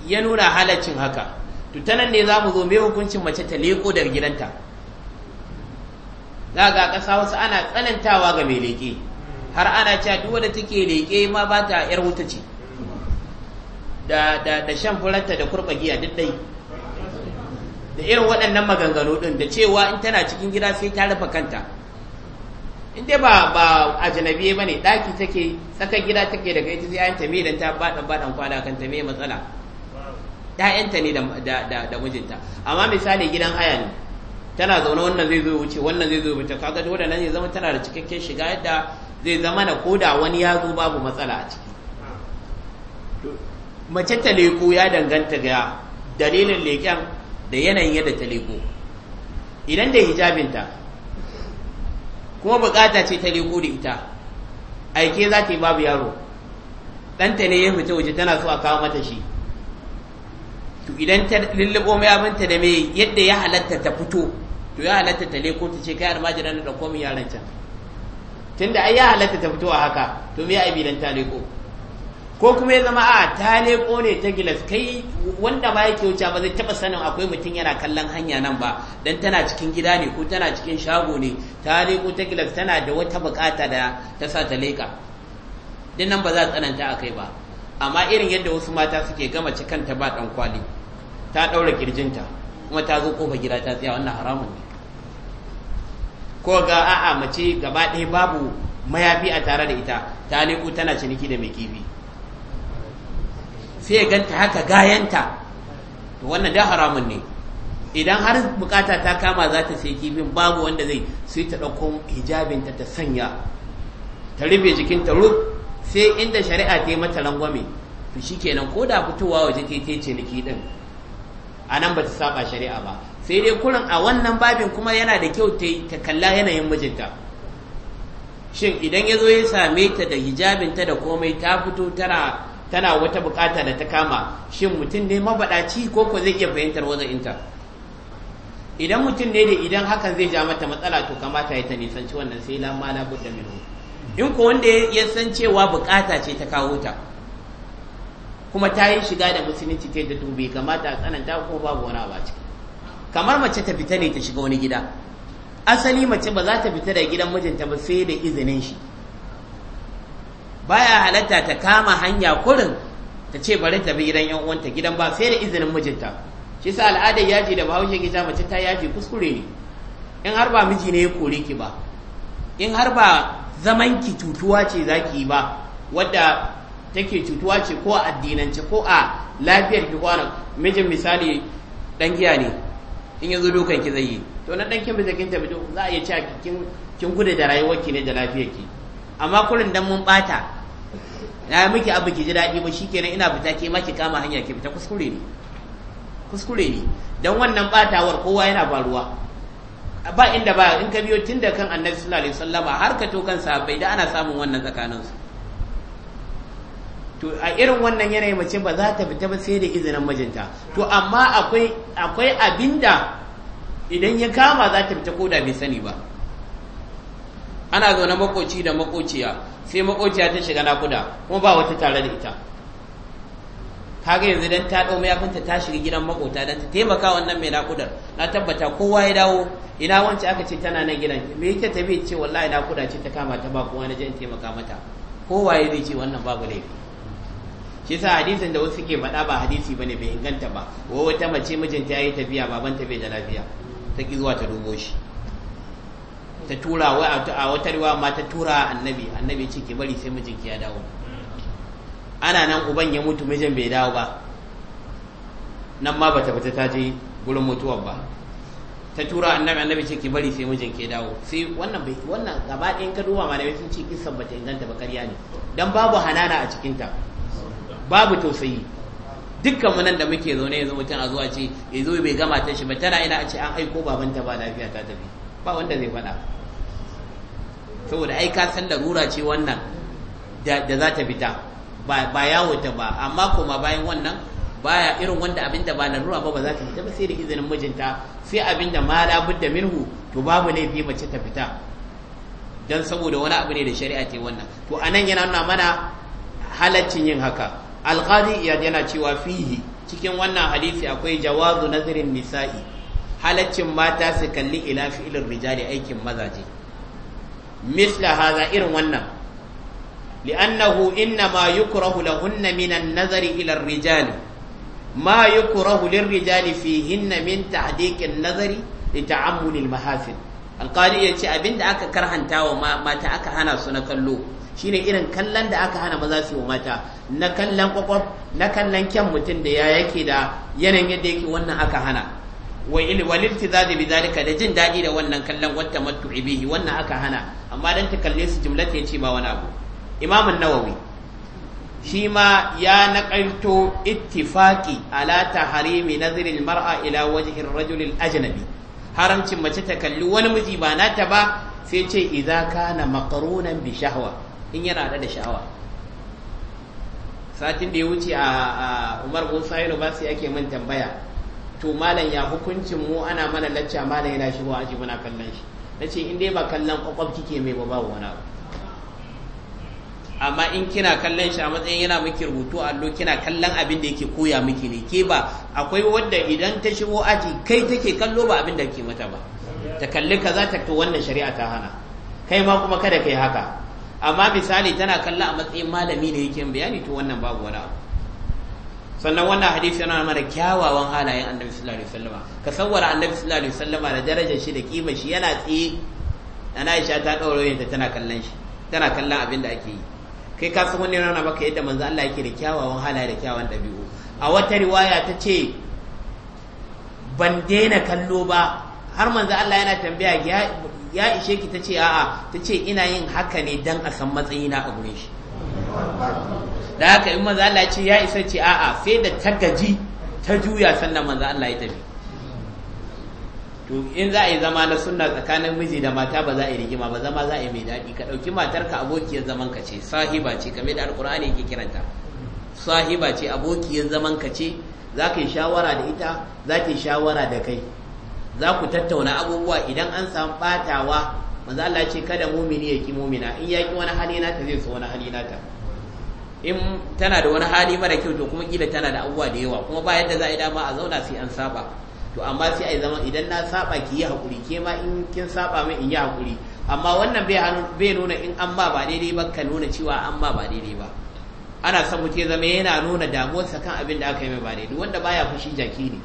ya nuna halaccin haka to ta nan ne za mu zo mai hukuncin mace ta leko daga gidanta za ga ƙasa wasu ana tsanantawa ga mai leƙe har ana cewa duk wanda take leƙe ma ba ta yar wuta ce da shan furanta da kurba giya duk dai da irin waɗannan maganganu ɗin da cewa in tana cikin gida sai ta rufe kanta in dai ba ba ajnabiye bane daki take saka gida take daga ita sai ayanta me dan ta badan badan kwada kan ta matsala matsala yanta ne da da da mijinta amma misali gidan haya ne tana zaune wannan zai zo wuce wannan zai zo wuce kaga dole nan ya zama tana da cikakken shiga yadda zai zama na koda wani ya zo babu matsala a ciki mace ta leko ya danganta ga dalilin leken da yanayin yadda ta leko idan da hijabinta kuma bukata ce ta leko da ita aike za ta yi babu yaro ɗanta ne ya fita waje tana so a kawo mata shi to idan ta lullubo mai abinta da mai yadda ya halatta ta fito to ya halatta ta leko ta ce kai majina na ɗauko yaran can da ai ya halatta ta fito a haka to mai ya abi ta leko ko kuma ya zama a ah, ta leko ne ta gilas kai wanda ba yake wuce ba zai taba sanin akwai mutum yana kallon hanya nan ba dan tana cikin gida ne ko tana cikin shago ne ta leko ta gilas tana da wata bukata da ta sa ta leka din nan ba za tsananta akai ba amma irin yadda wasu mata suke gama cikan ta ba dan kwali ta daura kirjinta kuma ta zo kofa gida ta tsaya wannan haramun ne ko ga a'a mace gaba ɗaya babu mayafi a tare da ita ta leko tana ciniki da mai kifi sai ya ganta haka gayanta to wannan da haramun ne idan har bukata ta kama za ta sai kifin babu wanda zai sai ta ɗauko hijabinta ta sanya ta rufe jikin ta ruf sai inda shari'a ta yi mata rangwame to shikenan ko da fitowa waje ta yi ciniki din a nan ba ta saba shari'a ba sai dai kurin a wannan babin kuma yana da kyau ta kalla yanayin mijinta shin idan ya zo ya same ta da hijabinta da komai ta fito tana tana wata bukata da ta kama shin mutum ne mabadaci ko ko zai iya fahimtar inta idan mutum ne da idan hakan zai ja mata matsala to kamata ya ta nisanci wannan sai la ma la budda minhu in ko wanda ya san cewa bukata ce ta kawo ta kuma ta yi shiga da musulunci ta da dubi kamata a tsananta ko babu wani abu ciki kamar mace ta fita ne ta shiga wani gida asali mace ba za ta fita da gidan mijinta ba sai da izinin shi baya halatta ta kama hanya kurin ta ce bari ta bi gidan yan uwanta gidan ba sai da izinin mijinta shi sa al'adar yaji da bahaushe gida mace ta yaji kuskure ne in har ba miji ne ya kore ki ba in har ba zaman ki cutuwa ce zaki yi ba wadda take cutuwa ce ko a addinance ko a lafiyar ki kwana mijin misali dan giya ne in yanzu dukan ki zai yi to na dan kin bizakin ta bi za a iya cewa kin kin gudu da rayuwar ki ne da lafiyar ki amma kullum dan mun bata na miki abu ki ji daɗi ba shikenan ina fita ke maki kama hanya ki fita kuskure ne kuskure ne dan wannan batawar kowa yana faruwa ba inda ba in ka biyo tun da kan annabi sallallahu alaihi wasallama har ka to kan sahabbai da ana samun wannan tsakaninsu to a irin wannan yanayi mace ba za ta fita ba sai da izinin mijinta to amma akwai akwai abinda idan ya kama za ta fita ko da bai sani ba ana zaune makoci da makociya sai makociya ta shiga nakuda kuma ba wata tare da ita kaga yanzu dan ta dau mayafinta ta shiga gidan makota dan ta taimaka wannan mai nakudar na tabbata kowa ya dawo ina wance aka ce tana nan gidan me yake ta bi ce wallahi nakuda ce ta kama ta ba kowa na je taimaka mata kowa ya zai ce wannan babu laifi shi sa hadisin da wasu ke faɗa ba hadisi bane bai inganta ba wa wata mace mijinta yayi tafiya babanta bai da lafiya ta ki zuwa ta dubo shi ta tura a wata riwa ma ta tura annabi annabi ce ke bari sai mijinki ya dawo ana nan uban ya mutu mijin bai dawo ba nan ma bata fita ta je gurin mutuwar ba ta tura annabi annabi ce ke bari sai mijin ya dawo sai wannan bai wannan gaba ɗayan ka duba malamai sun ce kissan bata inganta ba ƙarya ne dan babu hanana a cikin ta babu tausayi dukkan mu nan da muke zaune yanzu mutum a zuwa ce yanzu bai gama ta shi ba tana ina a ce an aiko babanta ba lafiya ta tafi ba wanda zai faɗa saboda ai ka san larura ce wannan da za ta fita ba yawo ta ba amma koma bayan wannan baya irin wanda abinda ba larura ba ba za ta fita ba sai da izinin mijinta sai abinda ma da minhu to babu laifi mace ta fita dan saboda wani abu ne da shari'a ce wannan to anan yana nuna mana halaccin yin haka alqadi yana cewa fihi cikin wannan hadisi akwai jawazu nazrin nisa'i halaccin mata su kalli ila fi'ilin rijali aikin mazaje misla haza irin wannan li'annahu inna ma yukrahu lahunna minan nazari ila rijali ma yukrahu rijali fihinna min ta'diqin nazari li ta'ammuli al-mahafil alqali yace abinda aka karhanta wa mata aka hana su na kallo shine irin kallon da aka hana maza su mata na kallon kwakwaf na kallon kyan mutum da ya yake da yanayin yadda yake wannan aka hana waliltizadi bidhalika da jin daɗi da wannan kallon wata matu'i bihi wannan aka hana amma dan ta kalle su jumlata yace ba wani abu imam nawawi shi ma ya naƙalto ittifaqi ala taharimi nazri mar'a ila wajhi ar-rajul ajnabi haramcin mace ta kalli wani miji ba nata ba sai ce idza kana maqrunan bi shahwa in yana da shahwa satin da ya wuce a Umar Musa Yalo ba sai ake min tambaya to malam ya hukuncin mu ana mana lacca malam yana shigo aji muna kallon shi na ce in dai ba kallon kwakwab kike mai ba babu wani abu amma in kina kallon shi a matsayin yana miki rubutu allo kina kallon abin da yake koya miki ne ke ba akwai wanda idan ta shigo aji kai take kallo ba abin da ke mata ba ta kalli kaza ta to wannan shari'a ta hana kai ma kuma kada kai haka amma misali tana kallon a matsayin malami ne yake bayani to wannan babu wani abu sannan wannan hadisi yana mana kyawawan halayen annabi sallallahu alaihi wasallama ka sawwara annabi sallallahu alaihi wasallama da darajar shi da kima shi yana tsi ana Aisha ta daure ta tana kallon shi tana kallon abin da ake yi kai ka san wannan nuna maka yadda manzo Allah yake da kyawawan halaye da kyawawan dabi'u a wata riwaya ta ce ban daina kallo ba har manzo Allah yana tambaya ya ishe ki ta ce a'a ta ce ina yin haka ne dan a san matsayina a gurin shi da haka yi manzo Allah ya ce ya isa ce a'a sai da ta gaji ta juya sannan maza Allah ya tafi to in za a yi zama na sunna tsakanin miji da mata ba za a yi rigima ba zama za a yi mai daɗi ka ɗauki matarka abokiyar zaman ka ce sahiba ce kame da alkur'ani ke kiranta sahiba ce abokiyar zaman ka ce za ka yi shawara da ita za ka yi shawara da kai za ku tattauna abubuwa idan an samu batawa manzo Allah ce kada mumini ya ki mumina in ya ki wani hali ta zai so wani hali ta in tana da wani hali mara kyau to kuma kila tana da abubuwa da yawa kuma ba yadda za a yi dama a zauna sai an saba to amma sai a yi zama idan na saba ki yi hakuri ke ma in kin saba min in yi hakuri amma wannan bai nuna in an ma ba daidai ba ka nuna cewa an ma ba daidai ba ana son mutum ya zama yana nuna sa kan abin da aka yi mai ba daidai wanda baya fushi jaki ne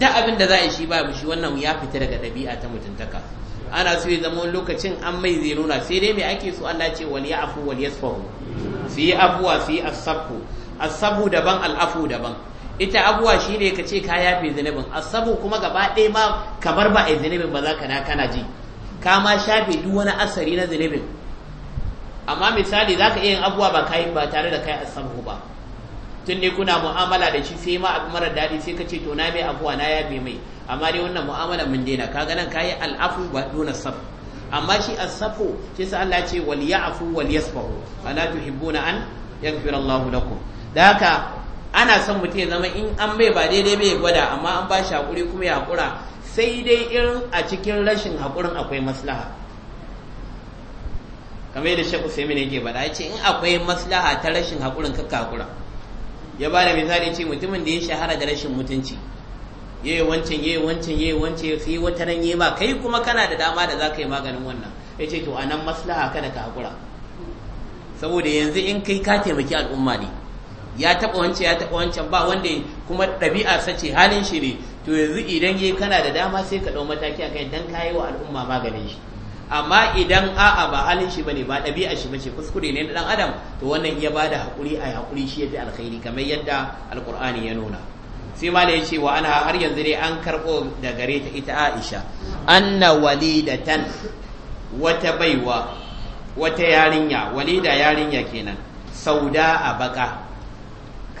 duk abin da za a yi shi ba fushi wannan ya fita daga ɗabi'a ta mutuntaka ana so ya zama lokacin an mai zai nuna sai dai mai ake so Allah ce wal ya'fu wal yasfahu su yi abuwa su yi asabu asabu daban al'afu daban ita abuwa shine ka ce ka yafe zunubin asabu kuma gaba ɗaya ma kamar ba a zunubin ba za ka na kana ji ka ma shafe duk wani asari na zunubin amma misali za ka iya yin abuwa ba ba tare da kai asabu ba tun ne kuna mu'amala da shi sai ma abu mara daɗi sai ka ce to na mai afuwa na yabe mai amma dai wannan mu'amala mun daina kaga ka yi al'afu ba duna sab amma shi as-safu shi sa Allah ce wal ya'fu wal yasfahu ala tuhibbuna an yaghfira Allahu lakum da haka ana son mutum ya zama in an bai ba daidai bai gwada amma an ba shi hakuri kuma ya hakura sai dai irin a cikin rashin hakurin akwai maslaha kamar yadda Sheikh Usaimin yake faɗa ya ce in akwai maslaha ta rashin hakurin kakka hakura ya ba da misali ce mutumin da ya shahara da rashin mutunci Ya yi wancan ya yi wancan ya yi wancan yi wata nan yayi ma kai kuma kana da dama da zaka yi maganin wannan Ya ce to a nan maslaha kada ka haƙura saboda yanzu in kai ka taimaki al'umma ne ya taɓa wancan ya taɓa wancan ba wanda kuma ɗabi'a sace halin shi ne to yanzu idan yayi kana da dama sai ka ɗau mataki a don dan yi wa al'umma maganin shi amma idan a'a ba halin shi bane ba ɗabi'a shi bace kuskure ne na dan adam to wannan ya bada hakuri a hakuri shi yafi alkhairi kamar yadda alqur'ani ya nuna sai ma da yace wa ana har yanzu dai an karbo da gare ta ita Aisha anna walidatan wata baiwa wata yarinya walida yarinya kenan sauda a baka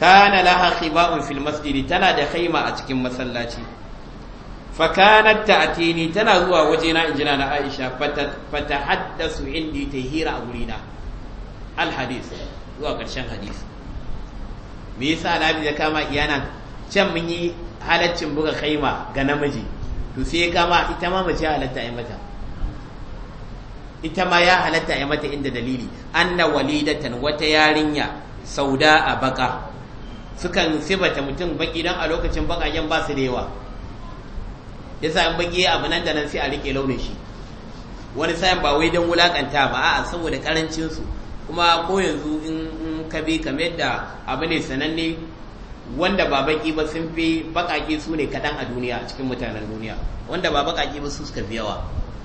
kana laha khiba'un fil masjid tana da khaima a cikin masallaci fakanat ta'tini tana zuwa wajena na injina na Aisha haddasa inda ta hira a wurina, al zuwa ƙarshen hadis me yasa alabi ya kama iyanan can mun yi halaccin buga kaima ga namiji to sai ya kama ita ma mace halatta ya mata ita ma ya halatta ya mata inda dalili anna walidatan wata yarinya sauda a baka sukan sibata mutum baki dan a lokacin bakaken ba su da yawa Ya sa in bage abu nan da nan sai a rike launin shi wani sayan ba wai don wulakanta ba a'a saboda karancin su kuma ko yanzu in ka bi kamar yadda abu ne sananne wanda ba baki ba sun fi bakaki su ne kaɗan a duniya a cikin mutanen duniya wanda ba bakaki ba su suka fi yawa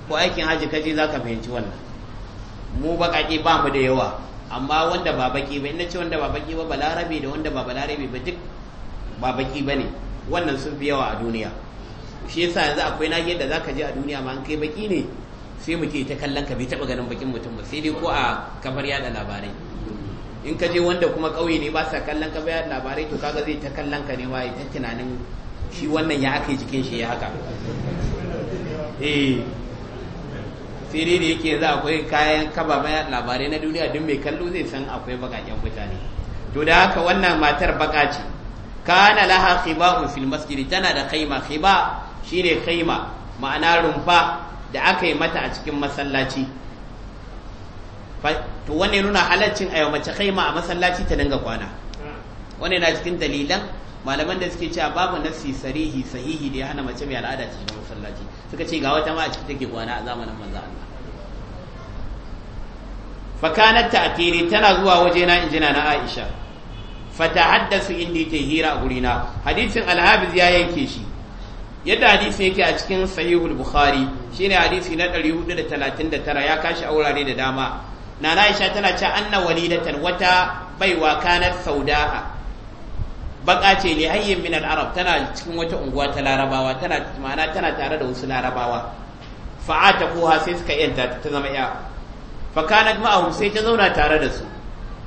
ko aikin hajji kaje za ka fahimci wannan mu bakaki ba mu da yawa amma wanda ba baki ba inda ce wanda ba baki ba balarabe da wanda ba balarabe ba duk ba baki ba ne wannan sun fi yawa a duniya shi yasa yanzu akwai na yadda da ka je a duniya ma an kai baki ne sai mu ke ta kallon ka bai taba ganin bakin mutum ba sai dai ko a kafar yada labarai in ka je wanda kuma kauye ne ba sa kallon ka yada labarai to kaga zai ta kallon ka ne ma ita tunanin shi wannan ya aka jikin shi ya haka eh sai dai da yake yanzu akwai kayan yada labarai na duniya duk mai kallo zai san akwai bakaken mutane to da haka wannan matar baka ce kana laha khiba'un fil masjid tana da khaima khiba ne kaima ma'ana rumfa da aka yi mata a cikin masallaci to wanne nuna halaccin a yau mace kaima a masallaci ta dinga kwana wanne na cikin dalilan malaman da suke cewa babu nasi sarihi sahihi da ya hana mace mai al'ada ta shiga masallaci suka ce ga wata ma a ciki take kwana a zamanin manzo Allah fakanat ta'kiri tana zuwa waje na injina na Aisha haddasa indi ta hira a gurina hadisin alhabiz ya yanke shi yadda hadisi yake a cikin sahihul bukhari shine hadisi na 439 ya kashi a wurare da dama na Aisha tana ce anna walidatan wata baiwa Kanar sauda'a baka ce li hayyin min al-arab tana cikin wata unguwa ta larabawa tana ma'ana tana tare da wasu larabawa fa'ata koha sai suka yanta ta zama ya fa kanat ma'ahum sai ta zauna tare da su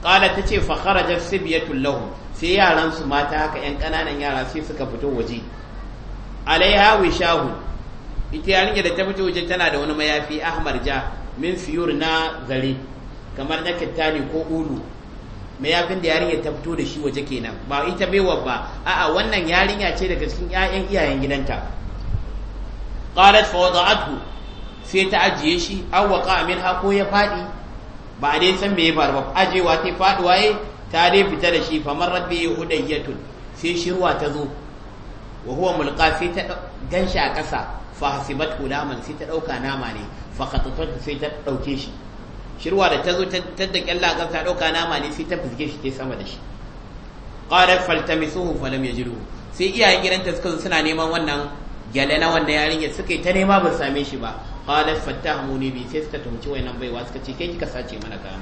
qala ta ce fa kharajat sibiyatul lahum sai yaran su mata haka yan kananan yara sai suka fito waje alaiha wishahu ita yarinya da ta fito wajen tana da wani mayafi ahmar ja min fiyur na zare kamar na kittani ko ulu mayafin da yarinya ta fito da shi waje kenan ba ita baiwa ba a'a wannan yarinya ce daga cikin 'ya'yan iyayen gidanta qalat fa wada'athu sai ta ajiye shi aw waqa minha ko ya fadi ba dai san me ya faru ba ajewa ta faduwa ta dai fita da shi famar rabbi hudayyatun sai shirwa ta zo wa huwa sai ta ganshi a ƙasa fa hasibat gulaman sai ta dauka nama ne fa khatatatu sai ta dauke shi shirwa da tazo ta da kyalla a ƙasa dauka nama ne sai ta fizge shi ta sama da shi qalat faltamisuhu falam yajiduhu sai iyayen gidanta suka zo suna neman wannan gyale na wannan yarinya suka yi ta nema ba same shi ba qalat fattahamuni bi sai suka tumci wayannan baiwa suka ce kai kika sace mana kayan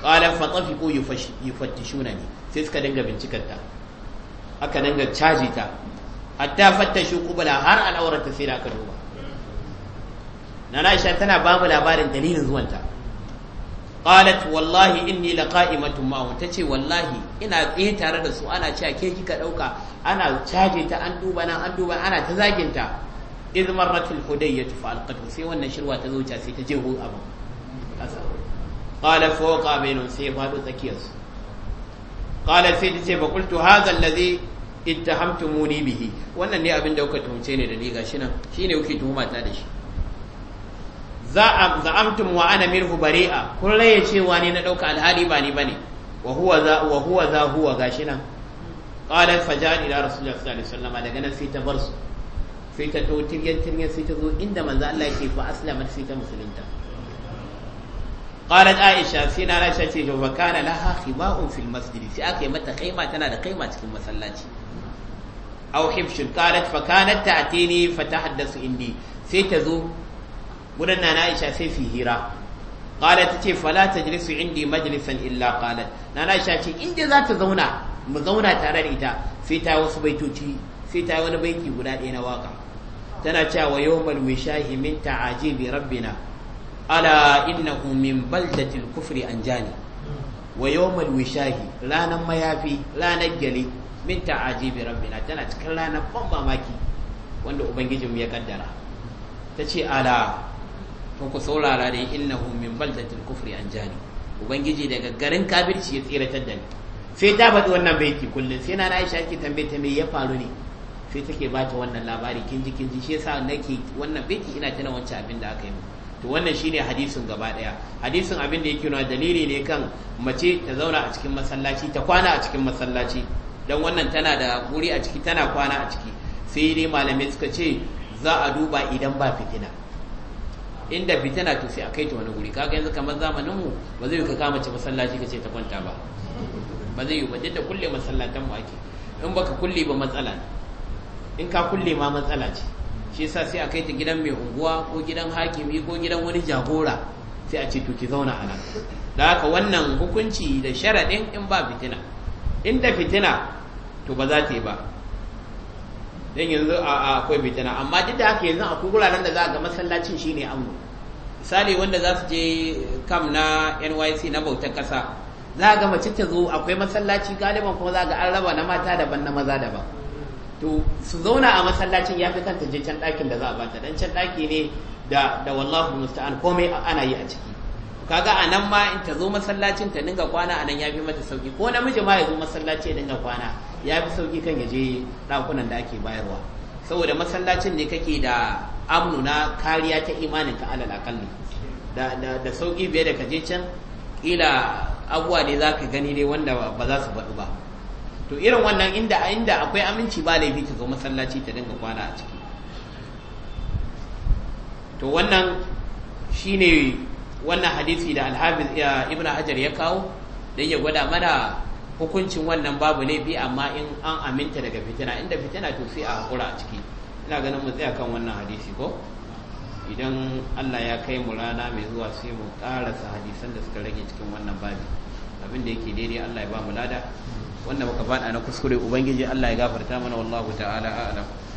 qalat fatafiqu yufattishuna ne sai suka dinga bincikarta. aka dinga caji ta hatta fattashi kubula har al'aurar ta sai aka duba Na aisha tana ba mu labarin dalilin zuwanta qalat wallahi inni laqa'imatun ta ce wallahi ina tsaye tare da su ana cewa ke kika dauka ana caje ta an duba nan an duba ana ta zaginta idh marrat al hudayyah fa alqatu sai wannan shirwa ta zo sai ta jeho abin qala fawqa bainahum sai fado tsakiyarsu qala sai ta ce fa qultu ita allazi ittahamtumuni bihi wannan ne abin da kuka tuhumce ne da ni gashi nan shine kuke tuhuma ta da shi za'am za'amtum wa ana minhu bari'a kun raye cewa ne na ɗauka alhali ba ni bane wa huwa za wa huwa za huwa gashi nan qala fajani ila rasulullah sallallahu alaihi wasallam daga nan sai ta bar su sai ta dau tiryan tiryan sai ta zo inda manzo Allah yake fa aslamat sai ta musulunta qalat aisha sai na aisha ce to fa kana laha khiba'un fil masjid sai aka yi mata kaima tana da kaima cikin masallaci aw hibshun qalat fa kanat ta'tini fa tahaddasu indi sai ta zo gurin nana aisha sai su hira qala ta ce fala tajlisu indi majlisan illa qalat nana aisha ce inda za ta zauna mu zauna tare da ita sai tayi wasu baitoci sai ta wani baiti guda ɗaya na waka tana cewa yawmal wishahi min ta'ajibi rabbina ala innahu min baldatil kufri anjani wa yawmal wishahi ranar mayafi ranar gali min ta'ajibi rabbina tana cikin ranar ban mamaki wanda ubangijin ya kaddara ta ce ala to ku saurara dai innahu min baldatil kufri anjani ubangiji daga garin kabirci ya tsiratar da ni sai ta faɗi wannan baiti kullum sai na Aisha ki tambaye ta me ya faru ne sai take bata wannan labari kinji kinji shi yasa nake wannan baiti ina tana wancan abin da aka yi mu to wannan shine hadisin gaba daya hadisin abin da yake nuna dalili ne kan mace ta zauna a cikin masallaci ta kwana a cikin masallaci dan wannan tana da guri a ciki tana kwana a ciki sai dai malamai suka ce za a duba idan ba fitina inda fitina to sai a kai ta wani guri kaga yanzu kamar zamanin mu ba zai ka kama ce masallaci ka ce ta kwanta ba ba zai yi ba duk da kulle masallatan mu ake in baka kulle ba matsala in ka kulle ma matsala ce shi yasa sai a kai ta gidan mai unguwa ko gidan hakimi ko gidan wani jagora sai a ce to ki zauna a nan da haka wannan hukunci da sharaɗin in ba fitina in da fitina to ba za ta yi ba don yanzu akwai fitina amma duk da haka yanzu akwai wuraren da za a ga masallacin shine amno misali wanda za su je kam na nyc na bautar kasa za ga mace ta zo akwai masallaci galiban kuma za ga an raba na mata daban na maza daban to su zauna a masallacin ya fi kanta je can ɗakin da za a bata dan can ɗaki ne da da wallahu musta'an komai ana yi a ciki kaga a nan ma in ta zo masallacin ta dinga kwana a nan ya fi mata sauki ko namiji ma ya zo masallaci ya dinga kwana ya fi sauki kan ya je ɗakunan da ake bayarwa saboda masallacin ne kake da amnu na kariya ta imanin ka alal akalli da da da sauki biye da kaje can kila abuwa ne zaka gani ne wanda ba za su faɗu ba to irin wannan inda inda akwai aminci ba laifi ka zo masallaci ta dinga kwana a ciki to wannan shine wannan hadisi da alhabiz ibn hajar ya kawo dan ya gwada mana hukuncin wannan babu laifi amma in an aminta daga fitina inda fitina to sai a hakura a ciki ina ganin mu tsaya kan wannan hadisi ko idan Allah ya kai mu rana mai zuwa sai mu karasa hadisan da suka rage cikin wannan babi abin da yake daidai Allah ya ba mu lada wanda muka faɗa na kuskure ubangiji Allah ya gafarta mana wallahu ta'ala a'lam